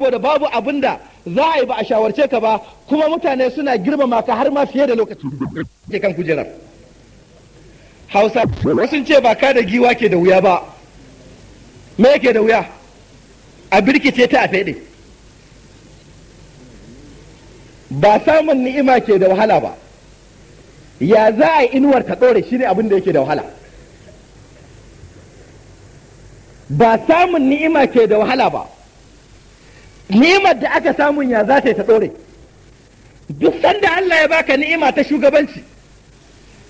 saboda babu abin da za a yi ba a shawarce ka ba kuma mutane suna girmama ka har ma fiye da lokaci ke kan kujerar hausa wasu ce ba ka da giwa ke da wuya ba me yake da wuya a birkice ta a fede ba samun ni'ima ke da wahala ba ya za a yi inuwar ka ɗore shi ne abin da yake da wahala ba samun ni'ima ke da wahala ba ni'imar da aka samun ya za ta yi ta ɗore duk sanda Allah ya baka ni'ima ta shugabanci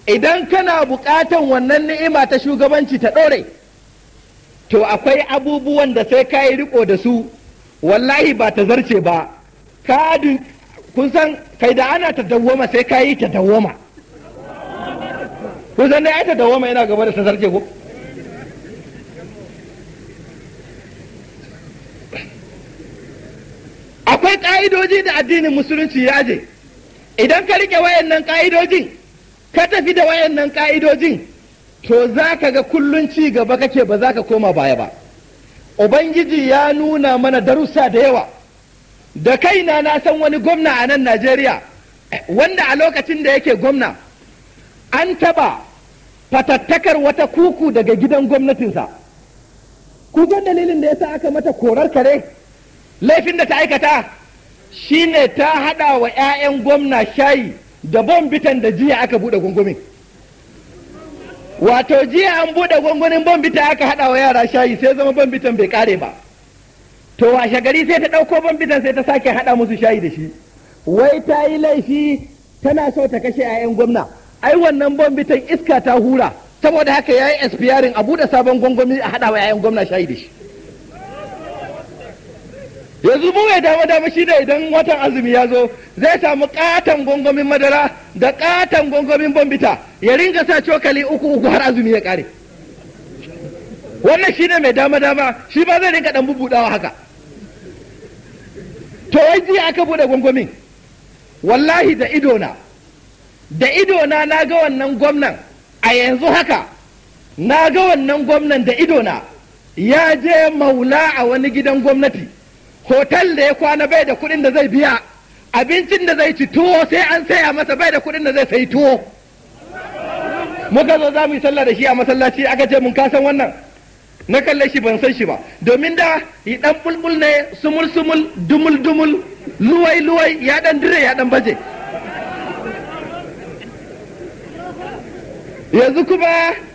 idan kana buƙatan wannan ni'ima ta shugabanci ta ɗore to akwai abubuwan da sai ka yi riko da su wallahi ba ta zarce ba ka kun san kai da ana ta dawwama sai ka yi ta dawwama kun san dai ai ta dawwama yana gaba da ta zarce ko akwai ƙa'idoji da addinin musulunci ya je idan ka riƙe wayannan ƙa'idojin ka tafi da wayannan ƙa'idojin to za ka ga kullun ci gaba kake ba za ka koma baya ba ubangiji ya nuna mana darussa da yawa da kaina na san wani gwamna a nan najeriya wanda a lokacin da yake gwamna an taɓa fatattakar wata kuku daga gidan gwamnatinsa ku dalilin da ya sa aka mata korar kare laifin da ta aikata shi ne ta hada wa 'ya'yan gwamna shayi da bombitan da jiya aka buɗe gungumin wato jiya an bude gungumin bombita aka hada wa yara shayi sai zama bombitan bai kare ba to washe gari sai ta dauko bombitan sai ta sake haɗa musu shayi da shi wai ta yi laifi tana so ta kashe 'ya'yan gwamna ai wannan bombitan iska ta hura saboda haka yi yi a buɗe sabon gwangwami a 'ya'yan gwamna shayi da shi yanzu mu mai dama dama shi ne idan watan azumi ya zo zai samu katon gongomin madara da katon gongomin bombita ya ringa sa cokali uku uku har azumi ya kare wannan shi ne mai dama dama shi ba zai ringa dan bubudawa haka to wai ji aka bude gongomin wallahi da idona da idona na ga wannan gwamnan a yanzu haka na ga wannan gwamnan da idona ya je maula a wani gidan gwamnati hotel da ya kwana bai da kuɗin da zai biya abincin da zai ci tuwo sai an saya masa bai da kuɗin da zai sayi tuwo muka zo za mu yi sallah da shi a masallaci aka ce mun kasan wannan na kalle shi ban san shi ba domin da yi dan bulbul ne sumul sumul dumul dumul luwai luwai ya dan dire ya dan baje yanzu kuma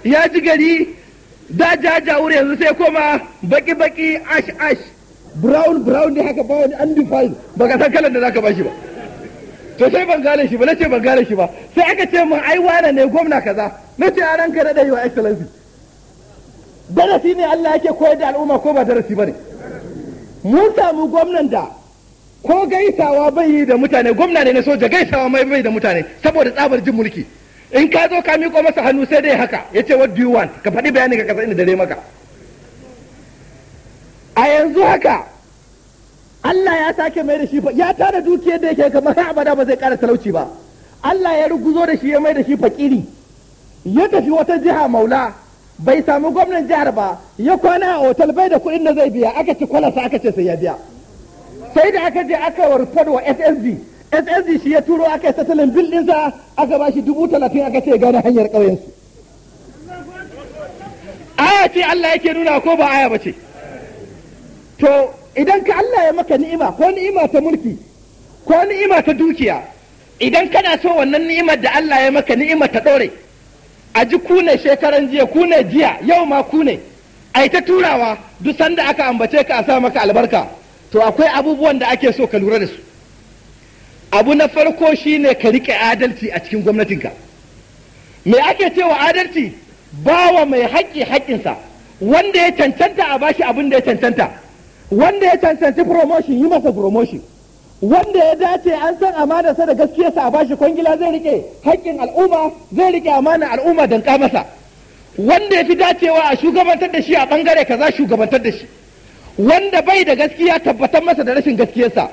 ya ji gari da jajawur yanzu sai koma baki baki ash ash brown brown ne haka ba wani undefined ba ka san kalan da zaka shi ba to sai ban gane shi ba nace ban gane shi ba sai aka ce min ai wane ne gwamna kaza nace a ranka da dai wa excellency darasi ne Allah yake koyar da al'umma ko ba darasi bane mun samu gwamnan da ko gaisawa bai yi da mutane gwamna ne na soja gaisawa mai bai da mutane saboda tsabar jin mulki in ka zo ka miƙo masa hannu sai dai haka yace what do you want ka faɗi bayani ka kasa inda dare maka a yanzu haka Allah ya sake mai da shi ya tara dukiyar da yake kamar har abada ba zai kara talauci ba Allah ya ruguzo da shi ya mai da shi fakiri ya tafi wata jiha maula bai samu gwamnan jihar ba ya kwana a otal bai da kuɗin da zai biya aka ci kwalasa aka ce sai ya biya sai da aka je aka wa wa SSD SSD shi ya turo aka yi tattalin bil ɗinsa aka ba shi dubu talatin aka ce gane hanyar ƙauyensu aya ce Allah yake nuna ko ba aya ba ce to idan ka Allah ya maka ni'ima ko ni'ima ta mulki ko ni'ima ta dukiya idan kana so wannan ni'imar da Allah ya maka ni'ima ta ɗore a ji ku shekaran jiya ku jiya yau ma kune, ne ai ta turawa duk sanda aka ambace ka a sa maka albarka to akwai abubuwan da ake so ka lura da su abu na farko shine ka rike adalci a cikin gwamnatinka me ake cewa adalci bawa mai haƙƙi haƙƙinsa wanda ya cancanta a bashi abin da ya cancanta wanda ya cancanci promotion yi masa promotion wanda ya dace an san amanarsa da gaskiyarsa a bashi kwangila zai rike haƙƙin al'umma zai rike amana al'umma dan masa wanda ya fi dacewa a shugabantar da shi a bangare kaza shugabantar da shi wanda bai da gaskiya tabbatar masa da rashin gaskiyarsa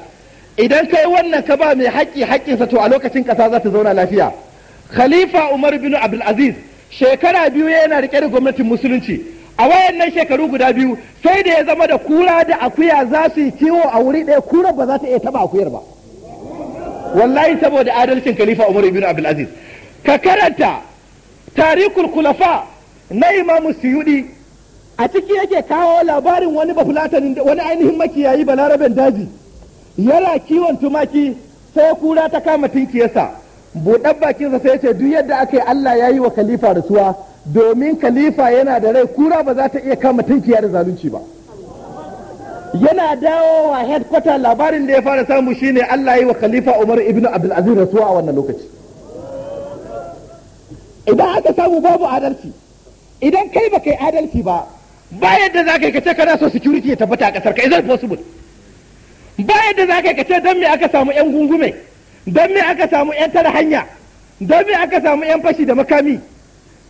idan kai wannan ka ba mai haƙƙi sa to a lokacin ƙasa za ta zauna lafiya khalifa umar bin Abdul aziz shekara biyu yana rike da gwamnatin musulunci a wayannan shekaru guda biyu sai da ya zama da kura da akuya za su yi kiwo a wuri ɗaya kura ba za ta iya taba akuyar ba wallahi saboda adalcin khalifa umar ibn abdul aziz ka karanta tarikul kulafa na imamu suyudi a ciki yake kawo labarin wani bafulatanin wani ainihin makiyayi balaraben daji yana kiwon tumaki sai kura ta kama tinkiyarsa buɗar bakinsa sai ce duk yadda aka yi allah ya yi wa khalifa rasuwa domin khalifa yana da rai kura ba za ta iya kama tunkiya da zalunci ba yana wa headquarter labarin da ya fara samu shine Allah yi wa khalifa Umar ibn Abdulaziz rasuwa a wannan lokaci idan aka samu babu adalci idan kai ba kai adalci ba ba yadda za ka yi kace kana so security ya tabbata a kasar ka is possible ba yadda za ka yi kace dan me aka samu yan gungume dan me aka samu yan tara hanya Don me aka samu yan fashi da makami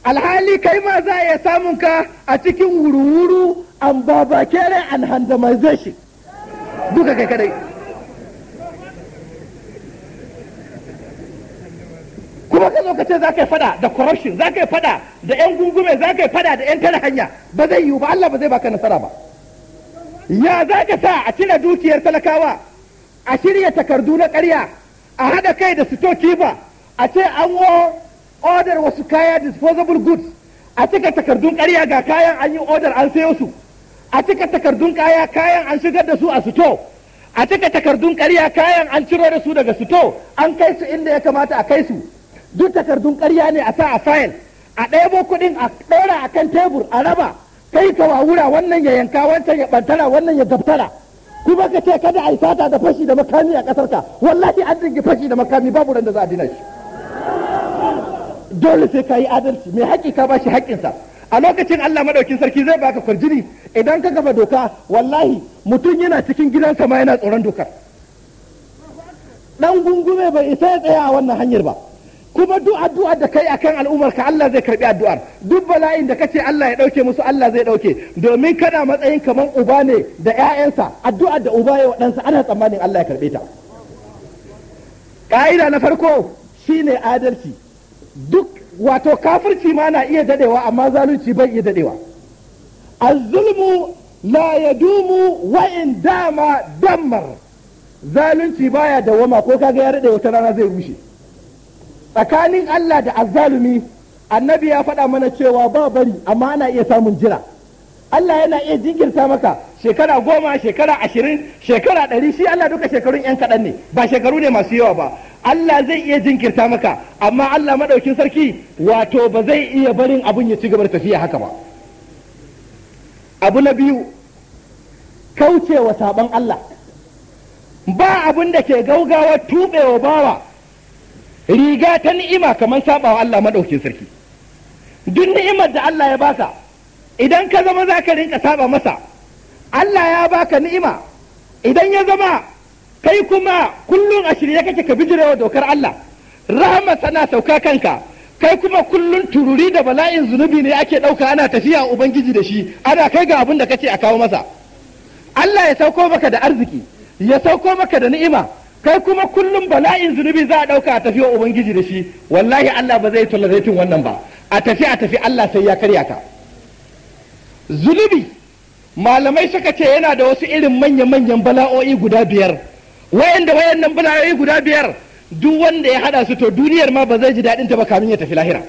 alhali kai ma za a iya samun ka a cikin wuru-wuru an babakere an handamaize shi duka kai kadai kuma ka zo za ka yi fada da corruption za ka yi fada da 'yan gungume za ka yi fada da 'yan tare hanya ba zai yiwu ba Allah ba zai baka nasara ba ya za ka sa a cire dukiyar talakawa a shirya takardu na karya a haɗa kai da sito ba a ce an wo Order wasu kaya disposable goods a cika takardun ƙarya ga kayan an yi order an sayo su a cika takardun kaya kayan an shigar da su a suto a cika takardun karya kayan an ciro da su daga suto an kai su inda ya kamata a kai su duk takardun ƙarya ne a sa a fayil a ɗebo kuɗin a ɗora a kan tebur a raba kai ka wawura wannan ya yanka wancan ya ɓantara wannan ya gabtara kuma ka ce kada a yi fata da fashi da makami a ƙasarka wallahi an dinga fashi da makami babu ran da za a dina shi dole sai ka yi adalci mai haƙi ka ba shi haƙƙinsa a lokacin Allah madaukin sarki zai baka kurjini idan ka gaba doka wallahi mutum yana cikin gidansa ma yana tsoron dokar dan gungume bai isa ya tsaya a wannan hanyar ba kuma duk addu'a da kai akan al'ummar ka Allah zai karbi addu'ar duk bala'in da kace Allah ya dauke musu Allah zai dauke domin kana matsayin kaman uba ne da ƴaƴansa addu'ar da uba ya wadansa ana tsammanin Allah ya karbe ta ka'ida na farko shine adalci duk wato kafirci ma na iya dadewa amma zalunci bai iya dadewa azzulmu zulmu la yadumu wa in dama dammar zalunci baya dawama ko kaga ya rade wata rana zai rushe tsakanin Allah da azzalumi annabi ya faɗa mana cewa ba bari amma ana iya samun jira Allah yana iya jinkirta maka shekara goma shekara ashirin shekara ɗari shi Allah duka shekarun yan kaɗan ne ba shekaru ne masu yawa ba Allah zai iya jinkirta maka amma Allah maɗaukin sarki wato ba zai iya barin abin ya ci gaba da tafiya haka ba abu na biyu kaucewa sabon Allah ba abin da ke gaugawa tuɓewa bawa riga ta ni'ima kamar sabawa Allah maɗaukin sarki duk ni'imar da Allah ya baka idan ka zama za ka rinka saba masa Allah ya baka ni'ima idan ya zama kai kuma kullum a shirye kake ka bijirewa dokar Allah rahama tana sauka kanka kai kuma kullum tururi da bala'in zunubi ne ake ɗauka ana tafiya ubangiji da shi ana kai ga abin da kace a kawo masa Allah ya sauko maka da arziki ya sauko maka da ni'ima kai kuma kullum bala'in zunubi za a ɗauka a tafiya ubangiji da shi wallahi Allah ba zai zaitun wannan ba a tafi a tafi Allah sai ya karya ka zunubi malamai suka ce yana da wasu irin manya-manyan bala'o'i guda biyar wayanda wayannan bulayoyi guda biyar duk wanda ya hada su to duniyar ma ba zai ji daɗin ta ba kamin ya tafi lahira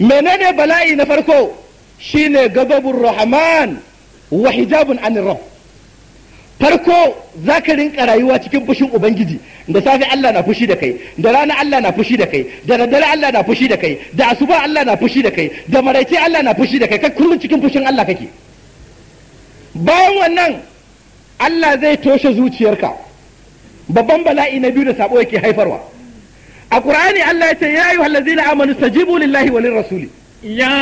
menene bala'i na farko shine gababur rahman wa hijabun anir rabb farko zaka rinka rayuwa cikin fushin ubangiji da safe Allah na fushi da kai da rana Allah na fushi da kai da daddare Allah na fushi da kai da asuba Allah na fushi da kai da maraice Allah na fushi da kai kai kullum cikin fushin Allah kake bayan wannan Allah zai toshe zuciyarka babban bala'i na biyu da sabo yake haifarwa a qur'ani Allah ya ce ya ayyuhal ladzina amanu stajibu lillahi walir rasuli ya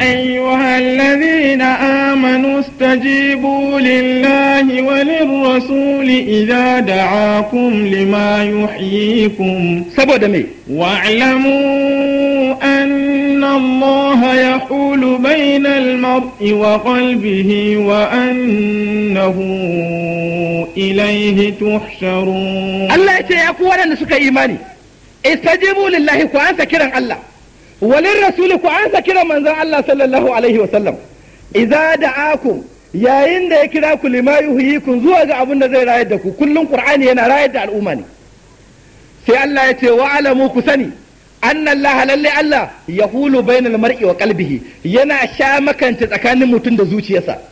ayyuhal ladzina amanu stajibu lillahi walir rasuli idza da'akum lima yuhyikum saboda me wa'lamu أن الله يحول بين المرء وقلبه وأنه ilaihi tuhsharun Allah ya ce ya ku waɗanda suka imani istajibu lillahi ku ansa kiran Allah walin rasuli ku ansa kiran manzon Allah sallallahu alaihi wa sallam idza da'akum yayin da ya kira ku lima yuhyikum zuwa ga abin da zai rayar da ku kullun qur'ani yana rayar da al'umma ne sai Allah ya ce wa alamu ku sani anna Allah lalle Allah yahulu bainal mar'i wa qalbihi yana sha makanta tsakanin mutum da zuciyarsa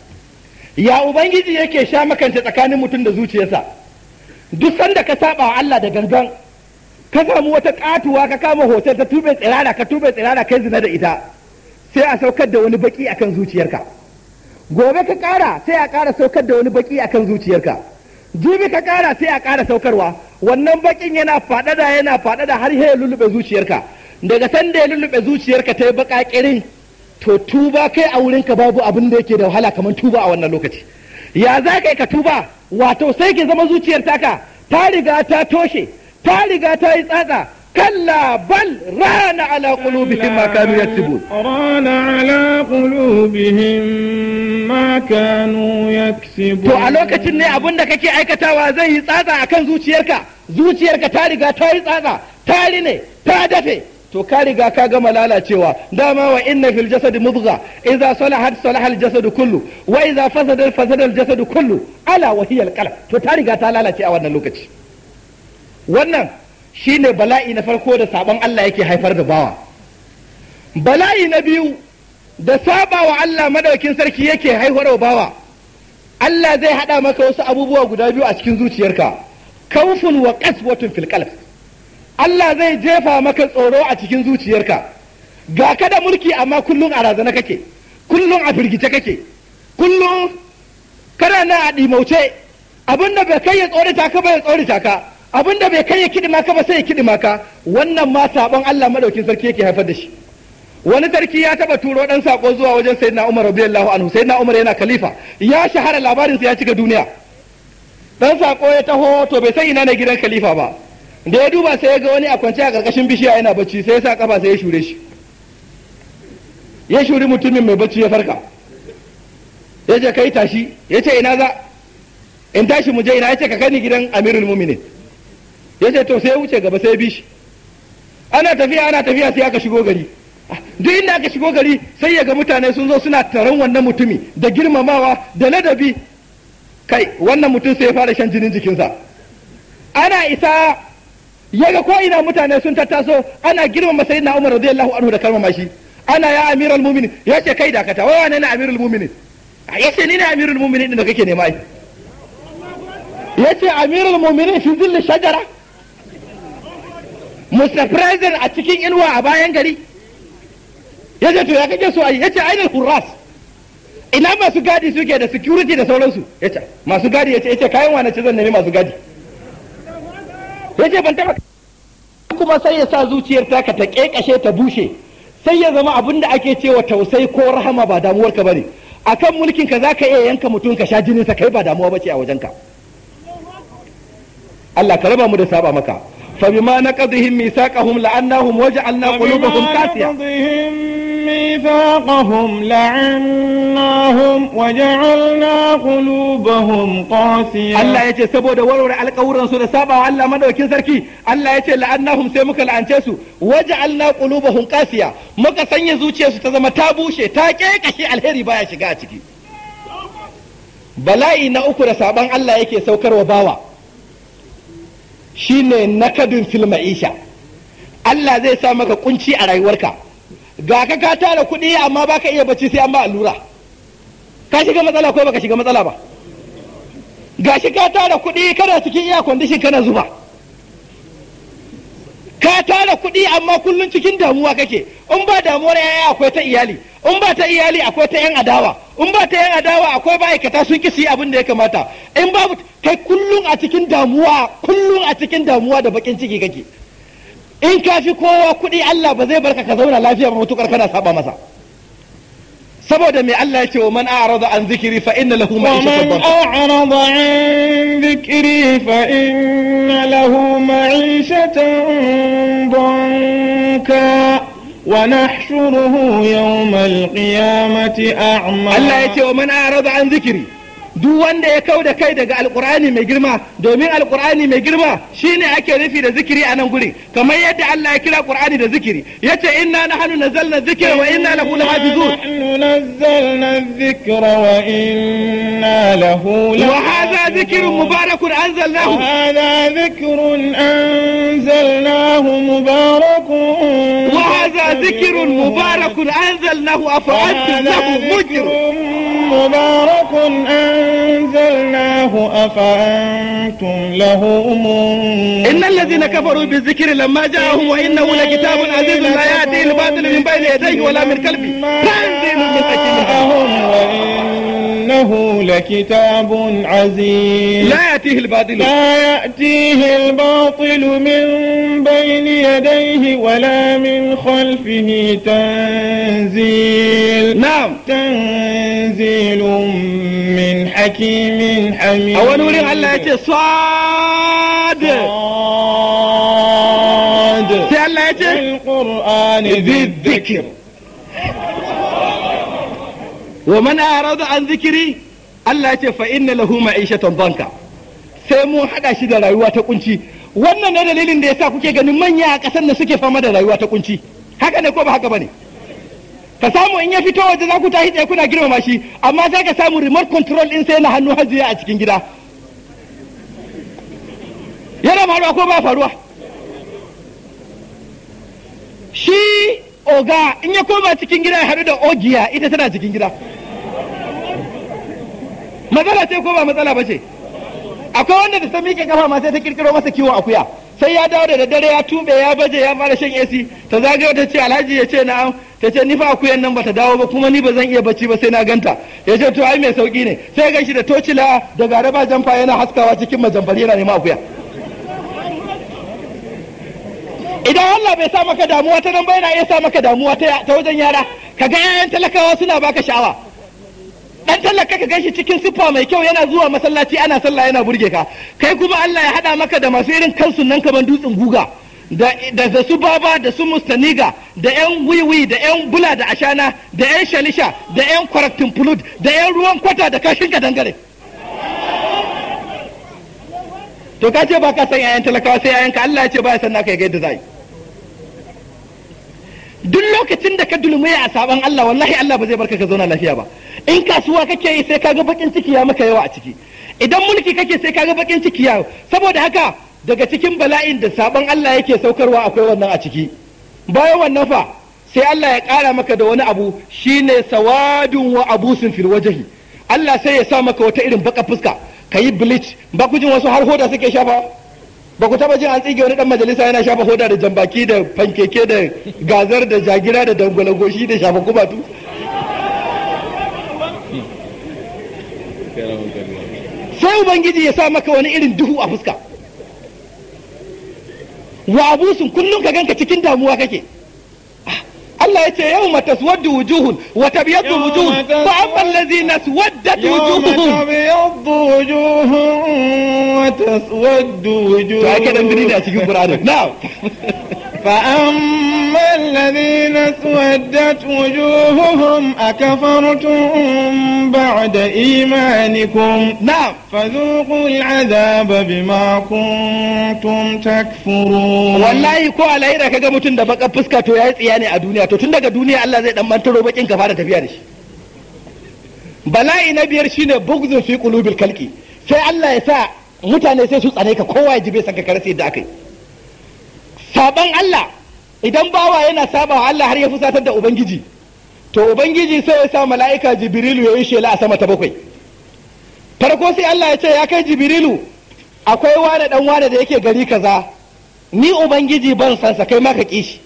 ya ubangiji yake sha makanta tsakanin mutum da zuciyarsa duk sanda ka saba wa Allah da gangan ka samu wata katuwa ka kama hotel ta tube tsirara ka tube tsirara kai zina da ita sai a saukar da wani baki akan zuciyarka gobe ka kara sai a kara saukar da wani baki akan zuciyarka jibi ka kara sai a kara saukarwa wannan bakin yana faɗaɗa yana faɗaɗa har ya lulluɓe zuciyarka daga sanda ya lulluɓe zuciyarka ta yi baƙaƙirin to tuba kai a wurinka babu abin da yake da wahala kamar tuba a wannan lokaci ya za ka ka tuba wato sai ke zama zuciyar taka ta riga ta toshe ta riga ta yi tsatsa kalla bal rana ala qulubihim ma kanu yaktubun Rana ala qulubihim ma kanu yaktubun to a lokacin ne abin da kake aikatawa zai yi tsatsa akan zuciyarka zuciyarka ta riga ta yi tsatsa ta ne, ta dafe to ka riga ka gama lalacewa dama wa inna fil jasad mudgha idza salahat salaha al jasad kullu wa idza fasada fasada al jasad kullu ala wa hiya al qalb to ta riga ta lalace a wannan lokaci wannan shine bala'i na farko da saban Allah yake haifar da bawa bala'i na biyu da saba wa Allah madaukin sarki yake haifar haihuwar bawa Allah zai hada maka wasu abubuwa guda biyu a cikin zuciyarka kawful wa qaswatun fil qalb Allah zai jefa maka tsoro a cikin zuciyarka ga kada mulki amma kullum a razana kake kullum a firgice kake kullum kana na a ɗimauce abin da bai kai ya tsorata ka ba ya tsorata ka abin da bai kai ya kidima ka ba sai ya kidima ka wannan ma sabon Allah madaukin sarki yake haifar da shi wani sarki ya taba turo ɗan sako zuwa wajen sayyidina Umar radiyallahu anhu sayyidina Umar yana khalifa ya shahara labarin sa ya cika duniya dan sako ya taho to bai san ina ne gidan khalifa ba da ya duba sai ya ga wani a kwance a ƙarƙashin bishiya yana bacci sai ya sa ƙafa sai ya shure shi ya shuri mutumin mai bacci ya farka ya ce kai tashi ya ce ina za in tashi mu je ina ya ce ka kani gidan amirul muminin ya ce to sai ya wuce gaba sai ya bi shi ana tafiya ana tafiya sai aka shigo gari duk inda aka shigo gari sai ya ga mutane sun zo suna taron wannan mutumi da girmamawa da ladabi kai wannan mutum sai ya fara shan jinin jikinsa ana isa yaga ko ina mutane sun tattaso ana girmama na Umar radiyallahu anhu da kalmar shi ana ya amirul mu'minin ce kai dakata wai wane ne amirul mu'minin ce ni ne amirul mu'minin din da kake nema ai amir amirul mu'minin shi zilli shajara Mr. President a cikin inuwa a bayan gari Ya ce to ya kake so ai ce ainihin hurras ina masu gadi suke da security da sauransu Ya ce. masu gadi Ya ce kayan wane ce zan nemi masu gadi ya ce ban taba kuma sai ya sa zuciyar taka ta kekashe ta bushe sai ya zama abin da ake cewa tausai ko rahama ba damuwarka bane akan mulkin ka zaka iya yanka mutum ka sha sa kai ba damuwa bace a wajenka Allah ka raba mu da saba maka فبما نقضهم ميثاقهم لعناهم وجعلنا قلوبهم قاسية ميثاقهم لعناهم وجعلنا قلوبهم قاسية الله يجي سبو دا على قورن سو سابا الله ما دوكين سركي الله يجي لعناهم سي muka la'ance su waja'alna qulubahum qasiya muka sanya zuciyarsu ta zama ta bushe ta kekashe alheri baya shiga a ciki bala'i na uku da saban Allah yake wa bawa shine nakadin fil ma'isha Allah zai sa maka kunci a rayuwarka ga ka ka tara kuɗi amma baka iya bacci sai an ba allura ka shiga matsala ko baka shiga matsala ba gashi ka tara kuɗi kana cikin iya kwandishin kana zuba ka tara kuɗi amma kullum cikin damuwa kake in ba damuwar yaya akwai ta iyali in ba ta iyali akwai ta yan adawa in ba ta yan adawa akwai ma'aikata sun kisi abin da ya kamata in ba kai kullum a cikin damuwa kullum a cikin damuwa da bakin ciki kake in ka fi kowa kuɗi Allah ba zai barka ka zauna lafiya ba mutukar kana saba masa saboda mai Allah ya ce wa man a'rada an zikiri fa inna lahu ma'ishatan wa man a'rada an zikiri fa inna lahu ma'ishatan banka ونحشره يوم القيامة أعمى الله يتي ومن أعرض عن ذكري duk wanda ya kau da kai daga alkur'ani mai girma domin alkur'ani mai girma shine ake nufi da zikiri a nan guri kamar yadda Allah ya kira qur'ani da zikiri yace inna nahnu nazzalna dhikra wa inna lahu lahafizun nahnu nazzalna dhikra wa inna lahu wa hadha dhikrun mubarakun anzalnahu hadha dhikrun anzalnahu mubarakun wa hadha dhikrun mubarakun anzalnahu afa'antum lahu mujrim مبارك أنزلناه أفأنتم له منكرون إن الذين كفروا بالذكر لما جاءهم وإنه لكتاب عزيز لا يأتي الباطل من بين يديه ولا من قلبه تنزيل من حكيمهم إنه لكتاب عزيز لا يأتيه الباطل لا يأتيه الباطل من بين يديه ولا من خلفه تنزيل نعم تنزيل من حكيم حميد أول أولي على يأتي صاد صاد سأل يأتي القرآن ذي الذكر wa man arada an zikiri Allah ce fa inna lahu ma'ishatan banka sai mun hada shi da rayuwa ta kunci wannan ne dalilin da yasa kuke ganin manya a kasar da suke fama da rayuwa ta kunci haka ne ko ba haka bane ka samu in ya fito waje za ku tashi tsaye kuna girmama shi amma sai ka samu remote control din sai na hannu hajiya a cikin gida yana faruwa ko ba faruwa shi oga in ya koma cikin gida ya haɗu da ogiya ita tana cikin gida matsala ce ko ba matsala ba ce akwai wanda da ta mike kafa ma sai ta kirkiro masa kiwon akuya sai ya dawo da dare, ya tube ya baje ya fara shan AC ta zagayo ta ce Alhaji ya ce na'am ta ce ni fa akuyan nan bata dawo ba kuma ni ba zan iya bacci ba sai na ganta ya ce to ai mai sauki ne sai ganshi da tocila da gare ba jamfa yana haskawa cikin majambari yana neman akuya idan Allah bai sa maka damuwa ta nan ba yana iya sa maka damuwa ta wajen yara kaga 'ya'yan talakawa suna baka sha'awa dan talaka ka gashi cikin siffa mai kyau yana zuwa masallaci ana sallah yana burge ka kai kuma Allah ya hada maka da masu irin kansu nan kaman dutsen guga da da su baba da su mustaniga da yan wiwi da yan bula da ashana da yan shalisha da yan kwaraktin flut da yan ruwan kwata da kashin ka dangare to ka ce ba ka san yayan talakawa sai yayan ka Allah ya ce ba ya san naka ga yadda zai duk lokacin da ka dulmiya a sabon Allah wallahi Allah ba zai barka ka zauna lafiya ba in kasuwa kake yi sai kaga bakin ciki ya maka yawa a ciki idan mulki kake sai kaga bakin ciki ya saboda haka daga cikin bala'in da saban Allah yake saukarwa akwai wannan a ciki bayan wannan fa sai Allah ya kara maka da wani abu shine sawadun wa abusin fil wajhi Allah sai ya sa maka wata irin baka fuska kayi bleach ba ku wasu har hoda suke shafa ba ku taba jin an tsige wani dan majalisa yana shafa hoda da jambaki da fankeke da gazar da jagira da dangwalan goshi da shafa kubatu sai ubangiji ya sa maka wani irin duhu a fuska wa abusun kullum ka ganka cikin damuwa kake الله ليس يوم تسود وجوه وتبيض وجوه فأما الذين اسودت وجوههم يوم تبيض وجوه وتسود وجوه فأكد أندريد أتجوب رأيك نعم فأما الذين اسودت وجوههم أكفرتم بعد إيمانكم نعم فذوقوا العذاب بما كنتم تكفرون والله ko a lahira kaga mutum da baka fuska to ya yi tsiya ne a duniya to tun daga duniya Allah zai dan mantaro bakin ka fara tafiya da shi bala'i na biyar shine bugdhu fi qulubil kalqi sai Allah ya sa mutane sai su tsare ka kowa ya jibe san ka karase da akai saban Allah idan bawa yana saba wa Allah har ya fusatar da ubangiji to ubangiji sai ya sa mala'ika jibrilu ya yi shela a sama ta bakwai farko sai Allah ya ce ya kai jibrilu akwai wane dan wane da yake gari kaza ni ubangiji ban san sa kai ma ka kishi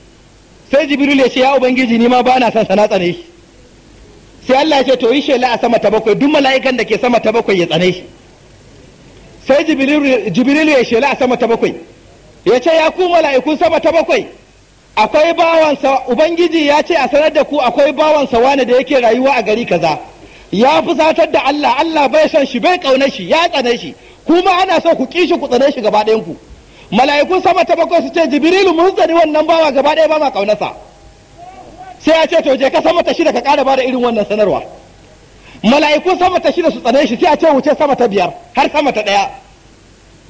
sai jibrilu ya ce ya ubangiji ni ma ba na san sa na tsane shi sai Allah ya ce to yi shela a sama ta bakwai duk mala'ikan da ke sama ta bakwai ya tsane shi sai jibrilu ya shela a sama ta bakwai ya ce ya ku mala'ikun sama ta bakwai akwai bawansa ubangiji ya ce a sanar da ku akwai bawansa wani da yake rayuwa a gari kaza ya fusatar da Allah Allah bai son shi bai kauna shi ya tsane shi kuma ana so ku kishi ku tsane shi gaba ɗayan ku mala'ikun sama ta bakwai su ce jibrilu mun tsani wannan bawa gaba ɗaya ba ma sai ya ce to je ka sama ta shida ka ƙara ba da irin wannan sanarwa mala'ikun sama ta shida su tsane shi sai a ce wuce sama ta biyar har sama ta ɗaya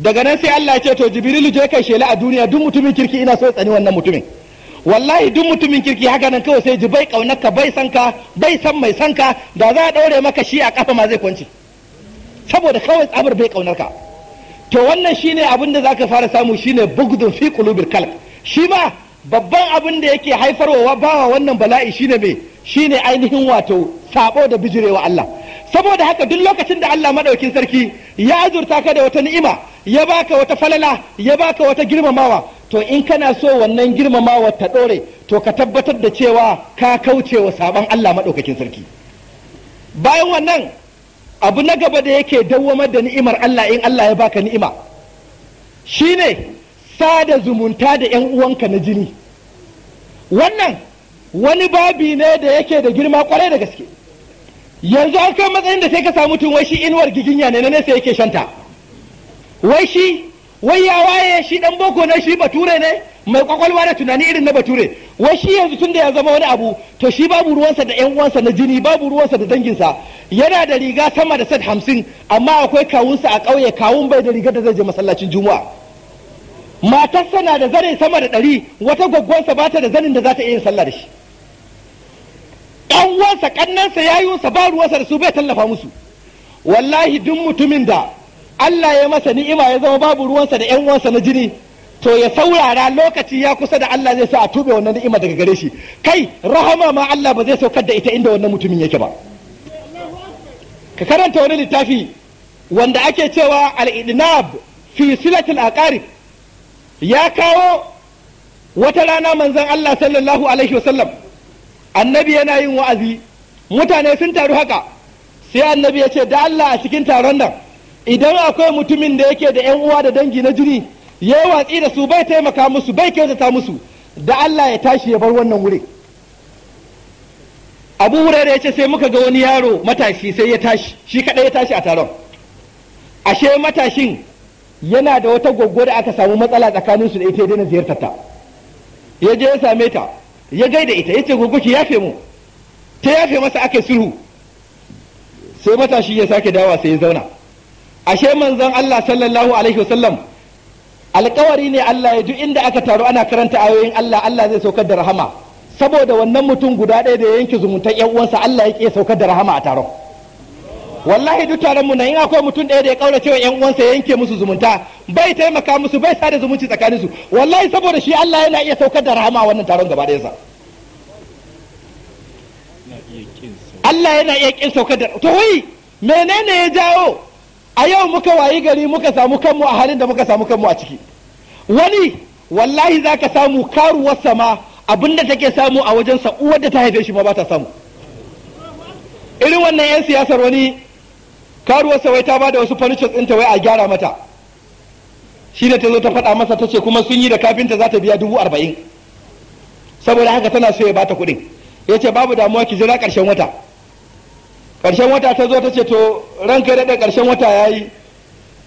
daga nan sai Allah ya ce to jibrilu je kai shela a duniya duk mutumin kirki ina so tsani wannan mutumin wallahi duk mutumin kirki haka nan kawai sai ji bai kaunarka bai san ka bai san mai san ka da za a daure maka shi a kafa ma zai kwanci saboda kawai tsabar bai kaunarka to wannan shine abin da zaka fara samu shine bugdun fi qulubil kalb shi ma babban abin da yake haifarwa bawa wannan bala'i shine me shine ainihin wato sabo da bijirewa Allah saboda haka duk lokacin da Allah madaukin sarki ya azurta ka da wata ni'ima ya baka wata falala ya baka wata girmamawa to in kana so wannan girmamawa ta dore to ka tabbatar da cewa ka kauce wa saban Allah madaukakin sarki bayan wannan abu na gaba da yake dawwamar da ni'imar Allah in Allah ya baka ni'ima shine sada zumunta da yan uwanka na jini wannan wani babi ne da yake da girma kwarai da gaske yanzu an kai matsayin da sai ka samu tun wai shi inuwar giginya ne na nesa yake shanta wai shi wai ya waye shi dan boko na shi bature ne mai kwakwalwa da tunani irin na bature wai shi yanzu tun da ya zama wani abu to shi babu ruwansa da yan uwansa na jini babu ruwansa da danginsa yana da riga sama da sad hamsin amma akwai kawunsa a ƙauye kawun bai da rigar da zai je masallacin juma'a matarsa na da zane sama da ɗari wata gwaggwansa ba ta da zanin da za ta iya yin sallah da shi ɗan uwansa yi wasa ba ruwansa da su bai tallafa musu wallahi duk mutumin da Allah ya masa ni'ima ya zama babu ruwansa da yan uwansa na jini to ya saurara lokaci ya kusa da Allah zai sa a tube wannan ni'ima daga gare shi kai rahama ma Allah ba zai saukar da ita inda wannan mutumin yake ba ka karanta wani littafi wanda ake cewa al-idnab fi silatil aqarib ya kawo wata rana manzon Allah sallallahu alaihi wasallam annabi yana yin wa'azi mutane sun taru haka sai annabi ya ce da Allah a cikin taron nan idan akwai mutumin da yake da yan uwa da dangi na jini ya yi watsi da su bai taimaka musu bai kyautata musu da Allah ya tashi ya bar wannan wuri abu da ya ce sai muka ga wani yaro matashi sai ya tashi shi kaɗai ya tashi a taron ashe matashin yana da wata goggo da aka samu matsala tsakaninsu da ita ya daina ziyartar ya je ya same ta ya gaida ita yace gogo ki yafe mu ta yafe masa ake sulhu sai matashi ya sake dawa sai ya zauna ashe manzon Allah sallallahu alaihi wasallam alƙawari ne Allah ya duk inda aka taru ana karanta ayoyin Allah Allah zai saukar da rahama saboda wannan mutum guda ɗaya da ya yanke zumuntar ƴan uwansa Allah ya ke saukar da rahama a taron wallahi duk taron mu nan in akwai mutum ɗaya da ya kaura cewa yan uwansa ya yanke musu zumunta bai taimaka musu bai sada zumunci tsakanin su wallahi saboda shi Allah yana iya saukar da rahama a wannan taron gaba ɗayansa Allah yana iya kin saukar da to wai menene ya jawo a yau muka wayi gari muka samu kanmu a halin da muka samu kanmu a ciki wani wallahi zaka samu karuwar sama abinda take samu a sa uwar da ta haife shi ma ba ta samu irin wannan 'yan siyasar wani karuwarsa wai ta bada wasu furnitures ɗinta wai a gyara mata shi ne ta zo ta faɗa masa ta ce kuma sun yi da kafinta za ta biya dubu arba'in saboda haka tana so ya bata kuɗin ya ce babu damuwa ki jira ƙarshen wata ƙarshen wata ta zo ta ce to ranka daɗa ƙarshen wata ya yi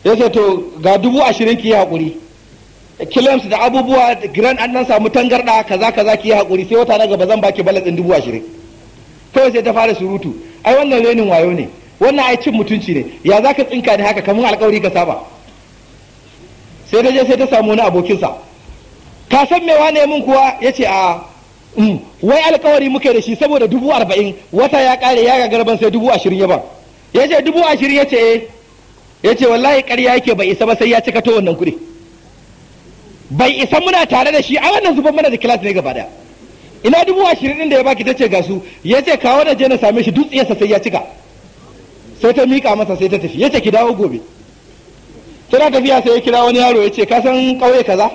ya ce to ga dubu ashirin ki yi haƙuri kilams da abubuwa giran an nan samu tangarɗa kaza kaza ki yi haƙuri sai wata na gaba zan baki balas ɗin dubu ashirin kawai sai ta fara surutu ai wannan renin wayo ne wannan ai cin mutunci ne ya za ka tsinka ni haka kamar alkawari ka saba sai da je sai ta samu wani abokinsa ka san me wane mun kuwa ya ce a ah, mm, wai alkawari muke da shi saboda dubu arba'in wata ya kare ya ga garban sai dubu ashirin ya ba. ya ce dubu ashirin ya ce eh. ya ce wallahi ƙarya yake bai isa ba sai ya cika to wannan kuɗi bai isa muna tare da shi a wannan zuban mana da kilas ne gaba daya ina dubu ashirin ɗin da ya baki ta ce ga su ya ce kawo da je na same shi dutsiyarsa sai ya cika sai ta miƙa masa sai ta tafi yace ki dawo gobe tana tafiya sai ya kira wani yaro yace ka san ƙauye kaza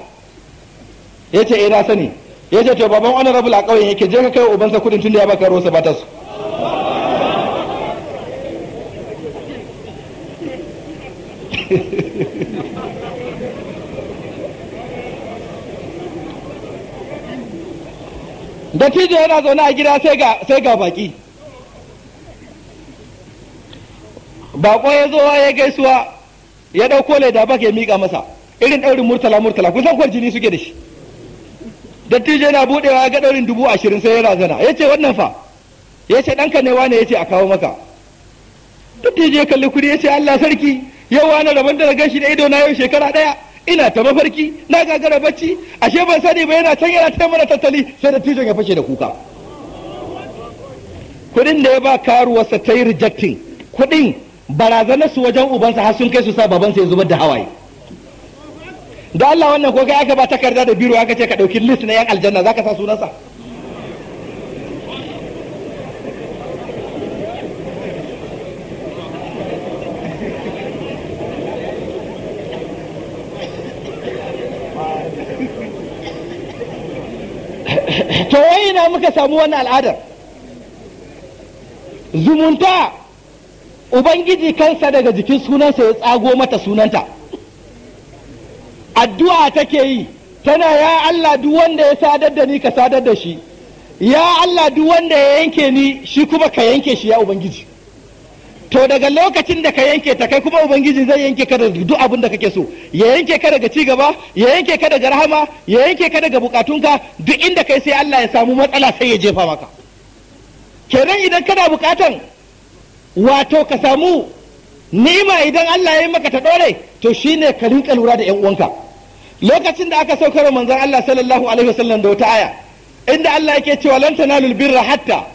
yace eh na sani yace to baban rabu a ƙauyen yake je ka kai ubansa kudin tunda ya baka rosa ba ta su dattijo yana zaune a gida sai ga baki Baƙo ya zo ya gaisuwa ya dauko leda baka ya mika masa irin ɗaurin murtala murtala kun san kwarjini suke da shi dattijo na buɗewa ya ga daurin dubu ashirin sai ya razana ya ce wannan fa ya ce ɗanka ne wane ya ce a kawo maka dattijo ya kalli kuri ya ce allah sarki yau wani rabon da na gashi da ido na yau shekara ɗaya ina ta mafarki na gagara bacci ashe ban sani ba yana can yana ta mana tattali sai dattijon ya fashe da kuka Kuɗin da ya ba karuwarsa ta yi rejecting kudin barazanarsu su wajen ubansa har sun kai su sa babansa ya zubar da hawaye da Allah wannan ko kai aka ba takarda da biro aka ce ka dauki list na yan aljanna zaka sa sunansa to wai na muka samu wannan al'adar zumunta ubangiji kansa daga jikin sunansa ya tsago mata sunanta addu'a take yi tana ya Allah duk wanda ya sadar da ni ka sadar da shi ya Allah duk wanda ya yanke ni shi kuma ka yanke shi ya ubangiji to daga lokacin da ka yanke ta kai kuma ubangiji zai yanke ka daga duk abin da kake so ya yanke ka daga ci gaba ya yanke ka daga rahama ya yanke ka daga bukatunka duk inda kai sai Allah ya samu matsala sai ya jefa maka kenan idan kana bukatan wato ka samu nima, idan Allah ya yi maka ta dore to shine ka rinka lura da 'yan uwanka lokacin da aka saukar manzon Allah sallallahu alaihi wasallam da wata aya inda Allah yake cewa lan tanalul birra hatta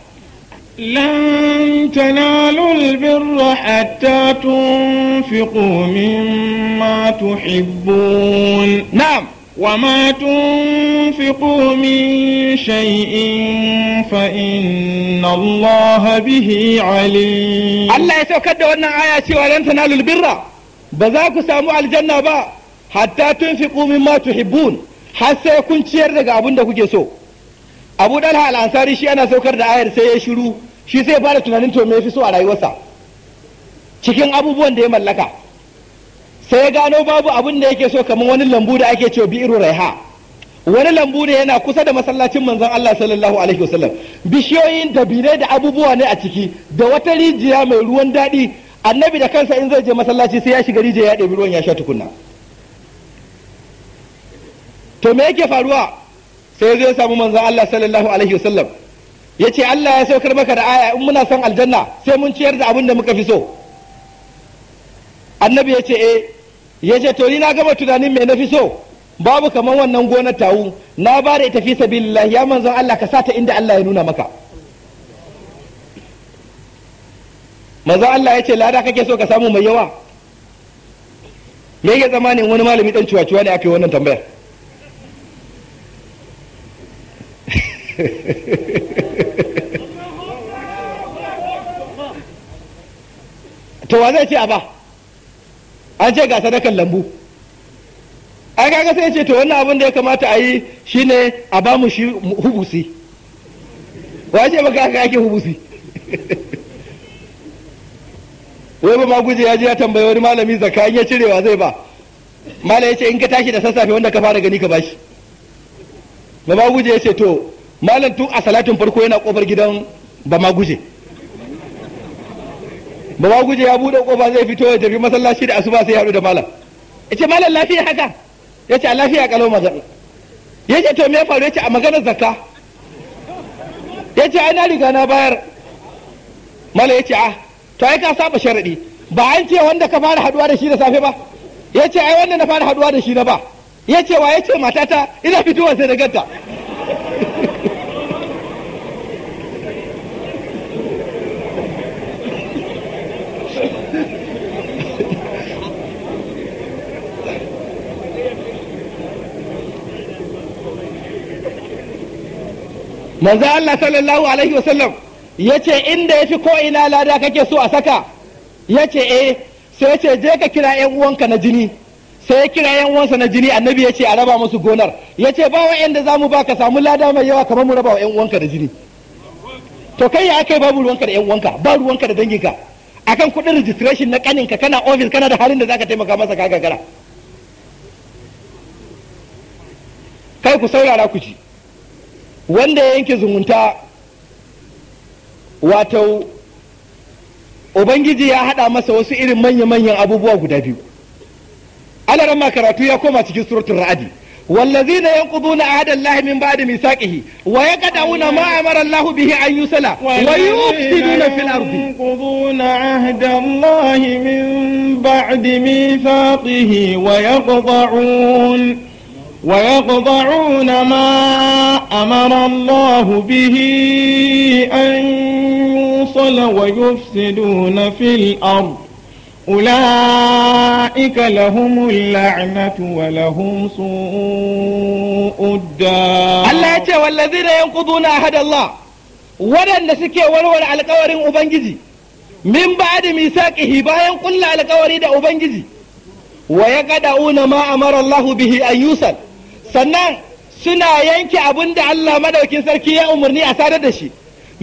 lan tanalul birra hatta tunfiqu mimma tuhibbun na'am وما تنفقوا من شيء فإن الله به عليم الله يسوكد وانا آية سوى لن تنالوا البر بذاك سامو الجنة با حتى تنفقوا مما تحبون حتى يكون تشير دقا أبون دكو جسو أبو دالها الأنصاري شي أنا سوكر دا آية سيشلو shi sai fara تنالين to me fi so a rayuwarsa cikin abubuwan da ya mallaka sai gano babu abin da yake so kamar wani lambu da ake cewa bi'iru raiha wani lambu ne yana kusa da masallacin manzon Allah sallallahu alaihi wasallam bishiyoyin bire da abubuwa ne a ciki da wata rijiya mai ruwan daɗi annabi da kansa in zai je masallaci sai ya shiga rijiya ya ɗebi ruwan ya sha tukunna to me yake faruwa sai zai samu manzon Allah sallallahu alaihi wasallam yace Allah ya saukar maka da aya in muna son aljanna sai mun ciyar da abin da muka fi so annabi ya ce eh. ya ce to ni na gama tunanin me na fi so babu kamar wannan gonar tawu na ba da ita fi sabilillah ya manzon Allah ka sata inda Allah ya nuna maka manzon Allah ya ce lada kake so ka samu mai yawa me yake ne wani malami dan cuwa-cuwa ne aka yi wannan tambayar to wa zai ce a ba an ce ga sadakan lambu ai kaga sai ce to wannan abin da ya kamata a yi shine a ba mu shi hubusi wa ce baka kaga ake hubusi wai ba maguje ya je ya tambayi wani malami zakka in ya cirewa zai ba malam ya ce in ka tashi da sassafe wanda ka fara gani ka bashi ba maguje ya ce to malam tun a salatin farko yana kofar gidan ba maguje ba guje ya bude kofa zai fito ya tafi masallaci da asuba sai ya haɗu da malam yace malam lafiya haka yace lafiya kalau magana yace to me ya faru yace a maganar zakka yace ai na riga na bayar malam yace ah to ai ka saba sharadi ba an ce wanda ka fara haduwa da shi da safe ba yace ai wanda na fara haduwa da shi na ba yace wa yace matata ina fitowa sai da ganta manzo Allah sallallahu alaihi wasallam yace inda yafi ko ina lada kake so a saka yace eh sai yace je ka kira yan uwanka na jini sai ya kira yan uwansa na jini annabi ya ce a raba musu gonar yace ba wa mu zamu baka samu lada mai yawa kamar mu raba wa yan uwanka da jini to kai ya kai babu ruwanka da yan uwanka ba ruwanka da danginka akan kuɗin registration na kaninka kana ofis kana da halin da zaka taimaka masa ka gagara kai ku saurara ku ji wanda ya yanke zumunta wato ubangiji ya haɗa masa wasu irin manya-manyan abubuwa guda biyu alaran ma karatu ya koma cikin suratun ra'adi والذين ينقضون عهد الله من بعد ميثاقه ويقطعون ما امر الله به ان يصلى ويفسدون في الارض ينقضون عهد الله من بعد ميثاقه ويقطعون ويقطعون ما أمر الله به أن يوصل ويفسدون في الأرض أولئك لهم اللعنة ولهم سوء الدار الله يتي والذين ينقضون أحد الله ودن سكي ولول على قوار أبنجزي من بعد ميثاقه باين قل على قوار أبنجزي ويقدعون ما أمر الله به أن يوصل sannan suna yanke abin da Allah madaukin sarki ya umarni a sadar da shi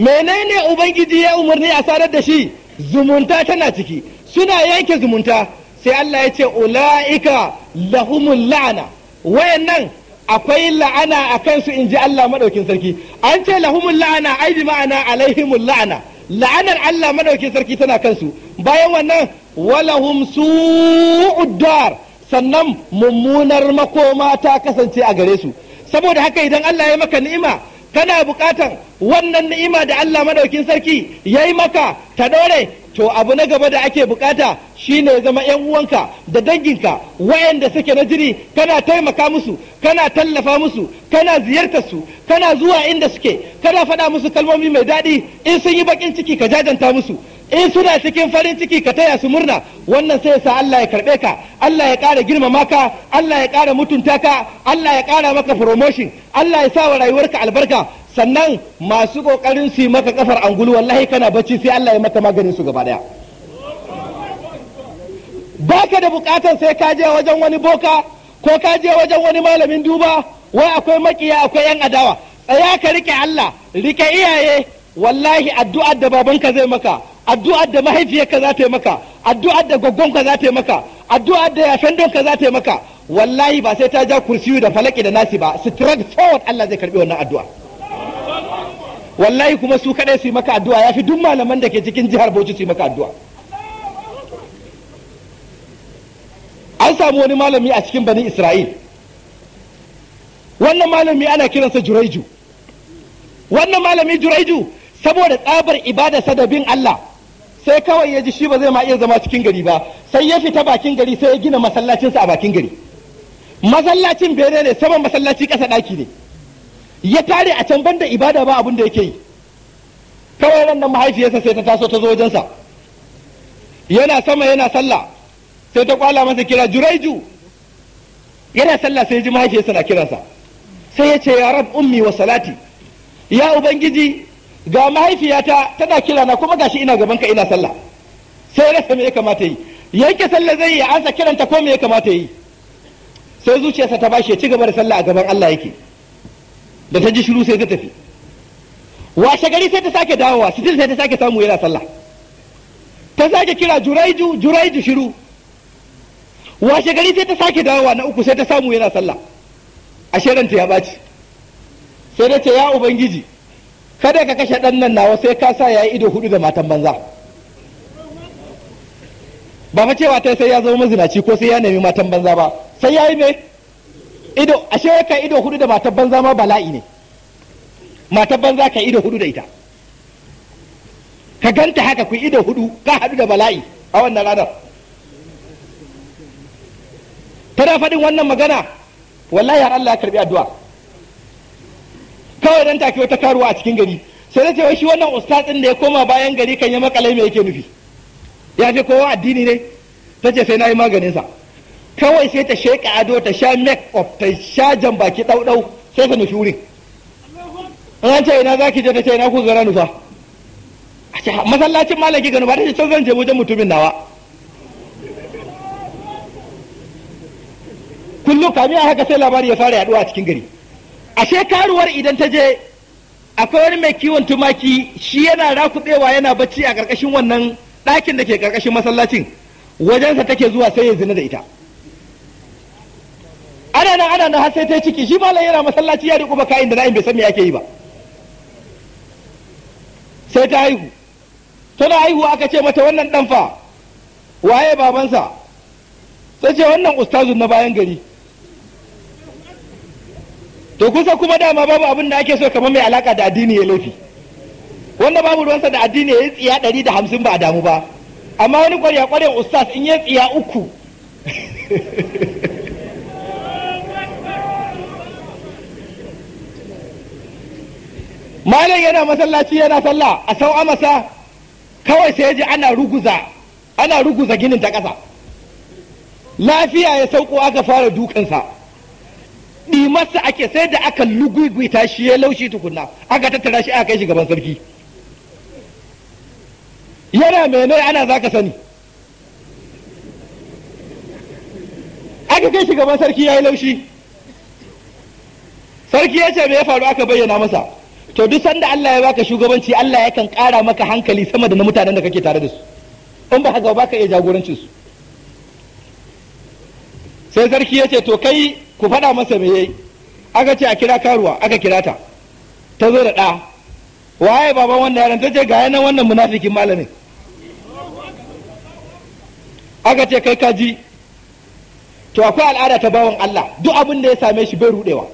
menene ubangiji ya umarni a sadar da shi zumunta tana ciki suna yanke zumunta sai Allah ya ce ula'ika lahumul la'ana wayannan akwai la'ana a kansu in ji Allah madaukin sarki an ce lahumul la'ana ai bi ma'ana alaihimul la'ana la'anar Allah madaukin sarki tana kansu bayan wannan walahum su'ud dar sannan mummunar makoma ta kasance a gare su saboda haka idan Allah ya maka ni'ima kana bukatan wannan ni'ima da Allah madaukin sarki ya yi maka ta dore to abu na gaba da ake bukata shine zama yan uwanka da danginka wayanda suke na jiri kana taimaka musu kana tallafa musu kana ziyartar su kana zuwa inda suke kana faɗa musu kalmomi mai daɗi in sun yi bakin ciki ka jajanta musu in suna cikin farin ciki ka taya su murna wannan sai sa Allah ya karbe ka Allah ya kara girmama ka Allah ya kara mutunta ka Allah ya kara maka promotion Allah ya sa wa rayuwarka albarka sannan masu kokarin su maka kafar angulu wallahi kana bacci sai Allah ya maka maganin su gaba daya baka da bukatar sai ka je wajen wani boka ko ka je wajen wani malamin duba wai akwai makiya akwai yan adawa tsaya ka rike Allah rike iyaye wallahi addu'ar da babanka zai maka addu'ar da mahaifiyarka za ta yi maka addu'ar da gwaggonka za ta yi maka addu'ar da yafen donka za ta yi maka wallahi ba sai ta ja kursiyu da falaki da nasi ba straight forward Allah zai karbi wannan addu'a wallahi kuma su kadai su yi maka addu'a fi duk malaman da ke cikin jihar Bauchi su yi maka addu'a an samu wani malami a cikin bani Isra'il wannan malami ana kiransa Juraiju wannan malami Juraiju saboda tsabar ibada da bin Allah sai kawai ya ji shi ba zai ma iya zama cikin gari ba sai ya fita bakin gari sai ya gina masallacinsa a bakin gari masallacin bene ne saman masallaci ƙasa ɗaki ne ya tare a can banda ibada ba abin da yake yi kawai ran nan mahaifiyarsa sai ta taso ta zo wajensa yana sama yana sallah sai ta kwala masa kira juraiju yana sallah sai ya ji mahaifiyarsa na kiransa sai ya ce ya rab ummi wa salati ya ubangiji ga mahaifiyata tana kira na kuma gashi ina gaban ka ina sallah sai rasa me ya kamata yi yanke sallah zai ya ansa kiranta ko me ya kamata yi sai zuciyarsa ta bashi ya ci gaba da sallah a gaban Allah yake da ta ji shiru sai ta tafi washe gari sai ta sake dawowa sitil sai ta sake samu yana sallah ta sake kira juraiju juraiju shiru washe gari sai ta sake dawowa na uku sai ta samu yana sallah a ranta ya baci sai ta ce ya ubangiji kada ka kashe dan nan nawa sai ka sa ya yi ido hudu da matan banza ba fa cewa sai ya zama mazinaci ko sai ya nemi matan banza ba sai ya yi ido ashe ka ido hudu da matan banza ma bala'i ne matan banza ka ido hudu da ita ka ganta haka ku ido hudu ka hadu da bala'i a wannan ranar tana faɗin wannan magana wallahi har Allah ya karbi addu'a kawai dan take wata karuwa a cikin gari sai da cewa shi wannan ustaz din da ya koma bayan gari kan ya makale me yake nufi ya ce kowa addini ne ta ce sai na yi maganin sa kawai sai ta sheka ado ta sha make up ta sha jambaki ɗauɗau sai ta nufi wurin an ce ina zaki je ta ce ina ku gara nufa a ce masallacin malaki gano ba ta ce zan je wajen mutumin nawa kullum kamin haka sai labari ya fara yaduwa a cikin gari ashe karuwar idan ta je akwai wani mai kiwon tumaki shi yana rakutsewa yana bacci a ƙarƙashin wannan ɗakin da ke ƙarƙashin masallacin wajensa take zuwa sai ya zina da ita ana nan ana nan har sai ta ciki shi malam yana masallaci ya riƙo kayan da na'in bai san me ake yi ba sai ta haihu tana haihu aka ce mata wannan ɗan fa waye babansa sai ce wannan ustazun na bayan gari to kun san kuma dama babu abin da ake so kamar mai alaka da addini ya laifi wanda babu ruwansa da addini ya tsiya ɗari da hamsin ba a damu ba amma wani kwarya kwaryan ustaz in ya tsiya uku malam yana masallaci yana sallah a sau amasa kawai sai ji ana ruguza ana ruguza ginin ta ƙasa lafiya ya sauko aka fara dukansa ɗimarsa ake sai da aka lugugwita shi ya laushi tukunna aka tattara shi aka kai shi gaban sarki yana mene ana za ka sani aka kai shi gaban sarki ya yi laushi sarki ya ce me ya faru aka bayyana masa to duk sanda Allah ya baka shugabanci Allah ya kan kara maka hankali sama da na mutanen da kake tare da su in ba haka ba ka iya jagorancin su sai sarki ya ce to kai ku faɗa masa me yayi aka ce a kira karuwa aka kira ta ta zo da ɗa waye baban wannan yaron ta ce ga yanan wannan munafikin malamin aka ce kai kaji to akwai al'ada ta bawan Allah duk abin da ya same shi bai rudewa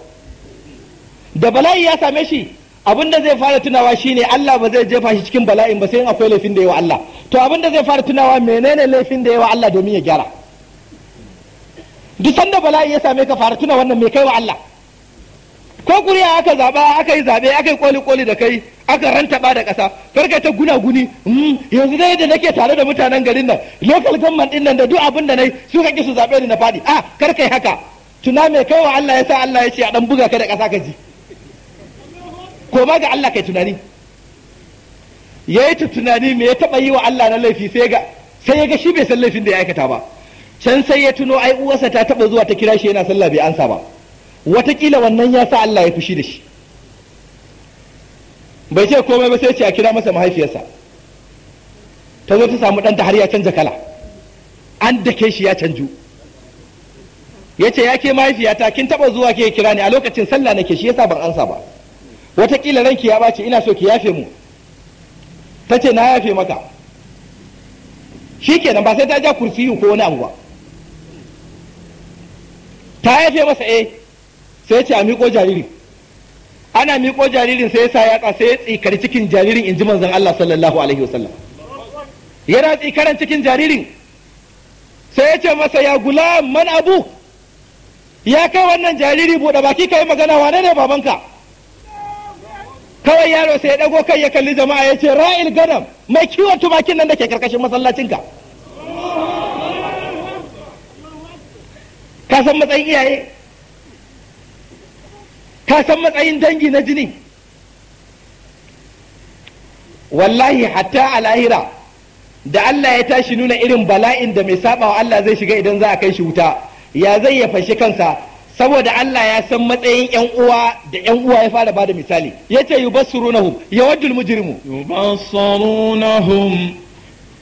da bala'i ya same shi abin da zai fara tunawa shine Allah ba zai jefa shi cikin bala'in ba sai akwai laifin da yawa Allah to abin da zai fara tunawa menene laifin da yawa Allah domin ya gyara duk sanda bala'i ya same ka fara tuna wannan mai kai wa Allah ko kuriya aka zaba aka yi zabe aka yi koli koli da kai aka rantaba da ƙasa farka ta guna guni mm, yanzu dai da nake tare da mutanen garin nan local government din nan da duk abin da nayi su kake su zabe ni na fadi a ah, kar kai haka tuna mai kai wa Allah yasa Allah ya ce a dan buga ka da ƙasa ka ji ko ma ga Allah kai tunani yayi ta tunani me ya taba yi wa Allah na laifi sai ga sai ya ga shi bai san laifin da ya aikata ba can sai ya tuno ai uwarsa ta taba zuwa ta kira shi yana sallah bai ansa ba watakila wannan ya sa Allah ya fushi da shi bai ce komai ba sai ce a kira masa mahaifiyarsa ta zo ta samu ɗanta har ya canja kala an dake shi ya canju ya ce ya ke mahaifiyata kin taba zuwa ke kira ni a lokacin sallah ke shi yasa ban ansa ba watakila ranki ya bace ina so ki yafe mu ta ce na yafe maka shikenan ba sai ta ja kursiyu ko wani abu ba ta haife masa eh sai ce a miƙo jaririn ana miƙo jaririn sai sa yatsa, sai ya tsikari cikin jaririn in ji manzon Allah sallallahu alaihi wasallam yana tsikaran cikin jaririn sai ya ce masa ya gula man abu ya kai wannan jariri buɗe baki kai magana wane ne babanka kawai yaro sai ya ɗago kai ya kalli jama'a ya ce ra'il gadam mai kiwon tumakin nan da ke karkashin masallacinka ka san matsayin iyaye ka san matsayin dangi na jini wallahi hatta a lahira da Allah ya tashi nuna irin bala'in da mai sabawa Allah zai shiga idan za a kai shi wuta ya zai ya fashe kansa saboda Allah ya san matsayin yan uwa da yan uwa ya fara bada misali yace yubassirunahum yawadul mujrimu yubassirunahum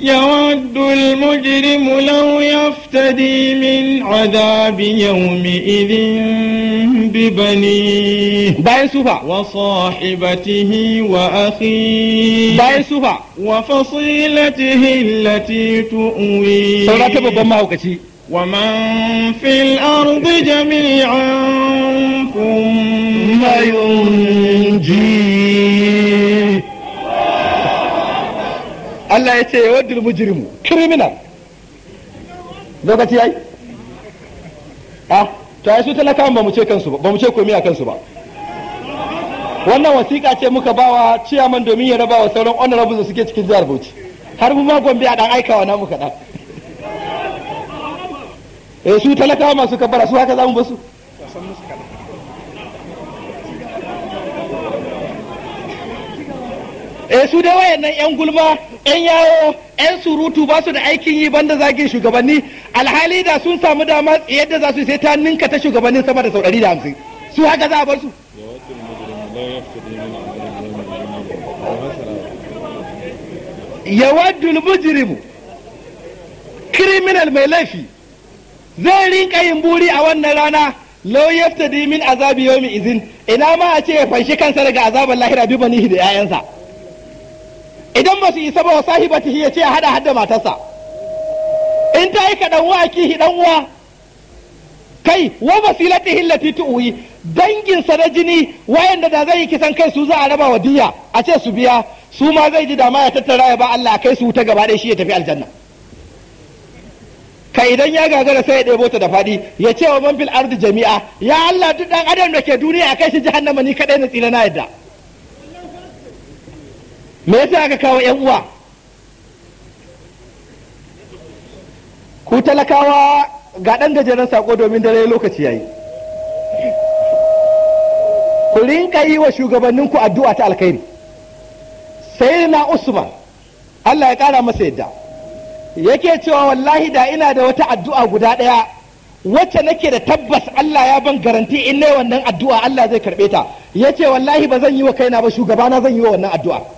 يود المجرم لو يفتدي من عذاب يومئذ ببنيه باين وصاحبته وأخيه باين وفصيلته التي تؤويه ومن في الأرض جميعا ثم ينجيه Allah ya ce dilbu jirimu criminal lokaci yi a ah, to yi su talakawan ba mu ce kansu ba ba mu ce komi a kansu ba wannan wasiƙa ce muka bawa ciyaman domin ya raba wa sauran honorables da suke cikin jihar Bauchi har mu ma Gombe a dan aikawa na muka dan eh su talakawa masu kabara su haka za mu basu eh su dai wayannan yan gulma yan yawo yan surutu ba su da aikin yi banda zagin shugabanni alhali da sun samu dama yadda za su sai ta ninka ta shugabannin sama da sau ɗari da hamsin su haka za a bar su yawaddul mujrimu criminal mai laifi zai rinka yin buri a wannan rana lau yaftadi min azabi yawmi izin ina ma a ce ya fanshi kansa daga azabar lahira bi banihi da 'ya'yansa idan ba su isa ba wa ba ya ce a hada matarsa in ta yi ka dan uwa kihi dan uwa kai wa basilati hillati tuwi danginsa na jini wayanda da zai yi kisan kai su za a raba wa diya a ce su biya su ma zai ji dama ya tattara ya ba Allah kai su ta gaba ɗaya shi ya tafi aljanna ka idan ya gagara sai ya ɗebo ta da faɗi ya ce wa man fil ardi jami'a ya Allah duk ɗan adam da ke duniya a kai shi jahannama ni kaɗai na tsira na yadda me yasa aka kawo yan uwa ku talakawa ga ɗan gajeren sako domin dare lokaci yayi ku rinka yi wa shugabanninku addu'a ta alkhairi sai na usman allah ya kara masa yadda yake cewa wallahi da ina da wata addu'a guda ɗaya wacce nake da tabbas Allah ya ban garanti in nai wannan addu'a Allah zai karɓe ta yace wallahi ba zan yi wa kaina ba shugabana zan yi wa wannan addu'a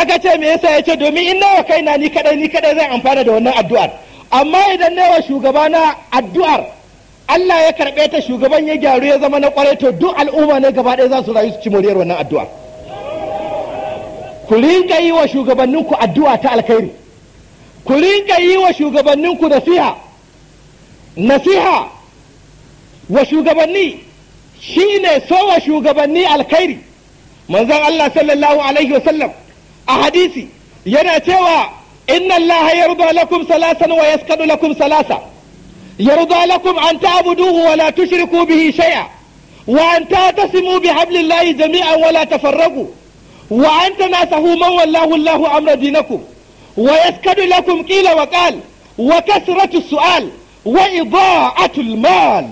aka ce me yasa ya ce domin in nawa kaina ni kadai ni kadai zan amfana da wannan addu'ar amma idan nawa shugabana addu'ar Allah ya karɓe ta shugaban ya gyaru ya zama na kwarai to duk al'umma ne gaba ɗaya za su rayu su ci moriyar wannan addu'ar ku rinka yi wa shugabanninku addu'a ta alkhairi ku rinka yi wa shugabanninku nasiha nasiha wa shugabanni shine so wa shugabanni alkhairi manzon Allah sallallahu alaihi wasallam a hadisi yana cewa inna allaha yarda lakum salasan wa yaskadu lakum salasa yarda lakum an ta'buduhu wa la tushriku bihi shay'a wa an ta'tasimu bihablillahi jami'an wa la tafarraqu wa an tanasahu man wallahu allahu amra dinakum wa yaskadu lakum qila wa qal wa kasratu su'al wa ida'atul mal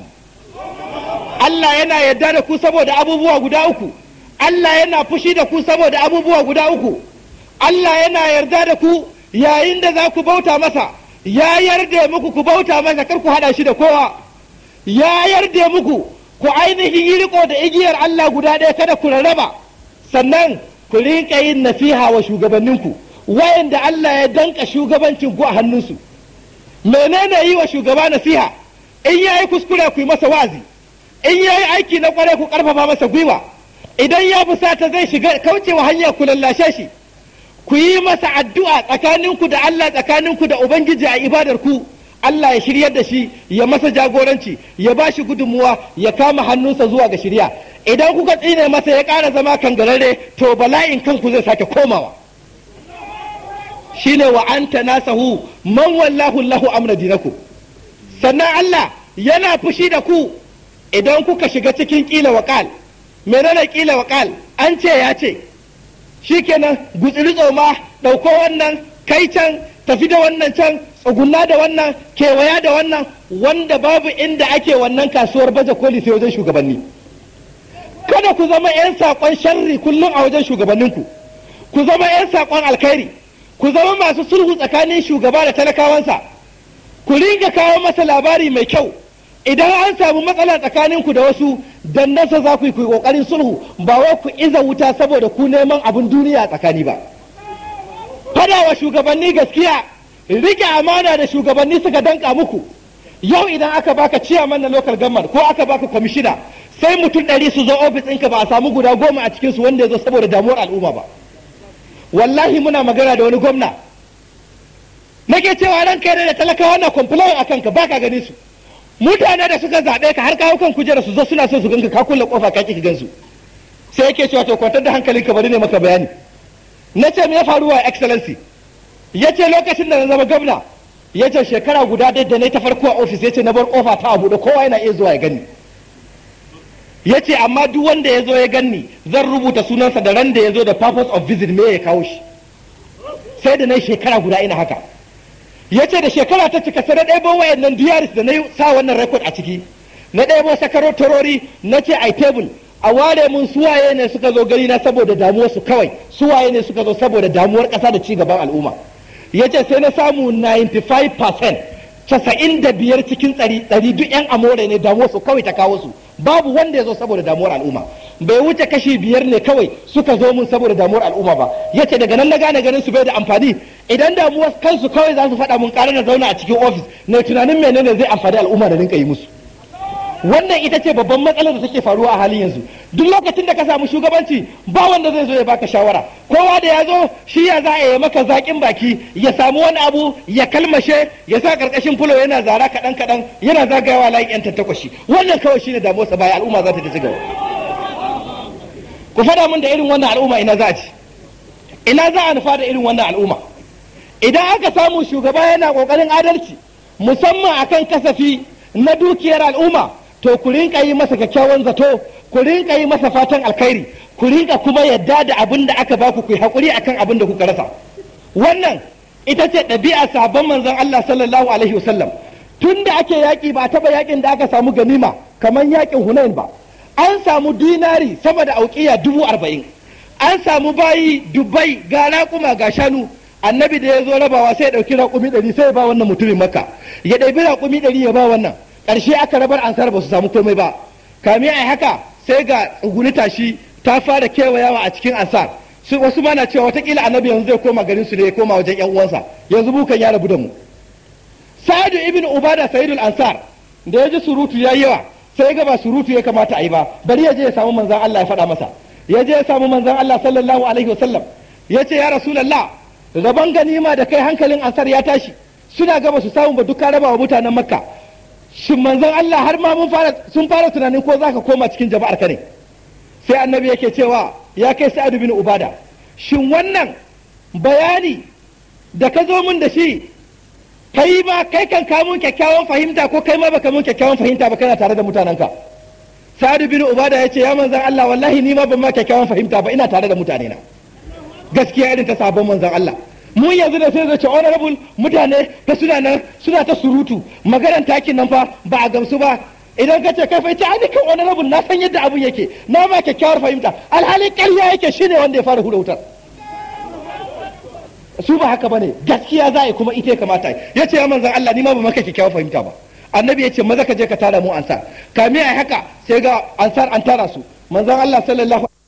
Allah yana yarda da ku saboda abubuwa guda uku Allah yana fushi da ku saboda abubuwa guda uku Allah yana yarda da ku yayin da za ku bauta masa ya yarda muku ku bauta masa kar ku hada shi da kowa ya yarda muku ku ainihin yi riko da igiyar Allah guda ɗaya kada ku rarraba sannan ku rinka yin nasiha wa shugabanninku wayanda Allah ya danka shugabancin ku a hannunsu menene yi wa shugaba nasiha in yayi kuskure ku yi masa wazi in yayi aiki na kware ku karfafa masa gwiwa idan ya fusata zai shiga kauce wa hanya ku lallashe shi ku yi masa addu'a tsakaninku da Allah tsakaninku da Ubangiji a ibadarku, Allah ya shiryar da shi ya masa jagoranci ya ba shi gudunmuwa ya kama hannunsa zuwa ga shirya idan kuka tsine masa ya ƙara zama kan garare, to bala'in kanku zai sake komawa shine wa anta nasahu man wallahu lahu amra dinaku sannan Allah yana fushi da ku idan kuka shiga cikin kila waqal menene kila waqal an ce ya ce Shi kenan gutsiri tsoma ɗauko wannan kai can tafi da wannan can tsugunna da wannan kewaya da wannan wanda babu inda ake wannan kasuwar baje koli sai wajen shugabanni kada ku zama 'yan saƙon sharri kullum a wajen shugabanninku ku zama 'yan saƙon alkhairi ku zama masu sulhu tsakanin shugaba da talakawansa ku ringa kawo masa labari mai kyau idan an samu matsala tsakaninku da wasu nasa za ku yi ku kokarin sulhu ba wai ku iza wuta saboda ku neman abin duniya tsakani ba fada wa shugabanni gaskiya rike amana da shugabanni suka danka muku yau idan aka baka ciyaman na local government ko aka baka kwamishina sai mutum ɗari su zo ofis ɗinka ba a samu guda goma a cikinsu wanda ya zo saboda damuwar al'umma ba wallahi muna magana da wani gwamna nake cewa ranka yana da talakawa na complain a kanka baka ganin su mutane da suka zaɓe ka har kawo kan kujera su zo suna so su ganka ka kulle kofa ka ki gansu sai yake cewa to kwantar da hankalin ka bari ne maka bayani na ce me ya faru wa excellency ya ce lokacin da na zama gwamna ya ce shekara guda dai da na ta farko a ofis ya ce na bar kofa ta abu da kowa yana iya zuwa ya gani ya ce amma duk wanda ya zo ya gani zan rubuta sunansa da ran da ya zo da purpose of visit me ya kawo shi sai da na shekara guda ina haka ya ce da shekara ta cika sai na ɗebo wayannan diyaris da na yi sa wannan rekod a ciki na ɗebo sakaro turori na ce ai tebul a ware mun suwaye ne suka zo gari na saboda damuwar su kawai suwaye ne suka zo saboda damuwar ƙasa da ci gaban al'umma ya ce sai na samu 95% casa'in da biyar cikin ɗari duk 'yan amore ne damuwar su kawai ta kawo su babu wanda ya zo saboda damuwar al'umma bai wuce kashi biyar ne kawai suka zo mun saboda damuwar al'umma ba Ya ce daga nan na gane ganin su bai da amfani idan damuwar kansu kawai za su faɗa mun ƙara na zauna a cikin ofis na tunanin menene zai amfani al'umma da rinka yi musu wannan ita ce babban matsalar da take faruwa a halin yanzu duk lokacin da ka samu shugabanci ba wanda zai zo ya baka shawara kowa da ya zo shi ya za a yi maka zaƙin baki ya samu wani abu ya kalmashe ya sa ƙarƙashin fulo yana zara kaɗan kaɗan yana zagayawa layin yan tattakwashi wannan kawai shine damuwarsa baya al'umma za ta ci gaba ku faɗa min da irin wannan al'umma ina za a ci ina za a nufa da irin wannan al'umma idan aka samu shugaba yana ƙoƙarin adalci musamman akan kasafi na dukiyar al'umma to ku rinka yi masa kyakkyawan zato ku rinka yi masa fatan alkhairi ku rinka kuma yadda da abin da aka baku ku yi haƙuri akan abin da kuka rasa wannan ita ce ɗabi'a sabon manzon Allah sallallahu alaihi wasallam tun da ake yaƙi ba taɓa yaƙin da aka samu ganima kamar yaƙin Hunain ba an samu dinari sama da auƙiya dubu arba'in an samu bayi dubbai ga raƙuma ga shanu annabi da ya zo rabawa sai ya ɗauki raƙumi ɗari sai ya ba wannan mutumin maka ya ɗabi raƙumi ɗari ya ba wannan ƙarshe aka rabar ansar ba su samu komai ba kami a haka sai ga gunita shi ta fara kewayawa a cikin ansar su wasu ma na cewa watakila annabi yanzu zai koma garin su ne ya koma wajen yan uwansa yanzu bukan ya rabu da mu sa'adu uba ubada sayyidul ansar da ya ji surutu ya yi yawa sai ga ba surutu ya kamata a yi ba bari ya je ya samu manzan Allah ya faɗa masa ya je ya samu manzan Allah sallallahu alaihi wasallam ya ce ya rasulallah rabon ganima da kai hankalin ansar ya tashi suna gaba su samu ba duka rabawa mutanen makka shin manzan Allah har ma mun fara sun fara tunanin ko zaka koma cikin jama'ar ka ne sai annabi yake cewa ya kai sa'adu bin ubada shin wannan bayani da ka zo mun da shi kai ma kai kan kamun kyakkyawan fahimta ko kai ma baka mun kyakkyawan fahimta ba kana tare da mutanenka sa'adu bin ubada ya ce ya manzan Allah wallahi ni ma ban ma kyakkyawan fahimta ba ina tare da mutane na gaskiya irin ta sabon manzan Allah mu yanzu da sai zace honorable mutane ta suna nan suna ta surutu maganar takin nan fa ba a gamsu ba idan ka ce kai fa ita kan honorable na san yadda abun yake na ma kyakkyawar fahimta alhali ƙarya yake shine wanda ya fara hura wutar su ba haka bane gaskiya za a kuma ita kamata ya ce yamma zan Allah ni ma ba maka kyakkyawa fahimta ba annabi ya ce maza ka je ka tara mu ansar kame a haka sai ga ansar an tara su manzan Allah sallallahu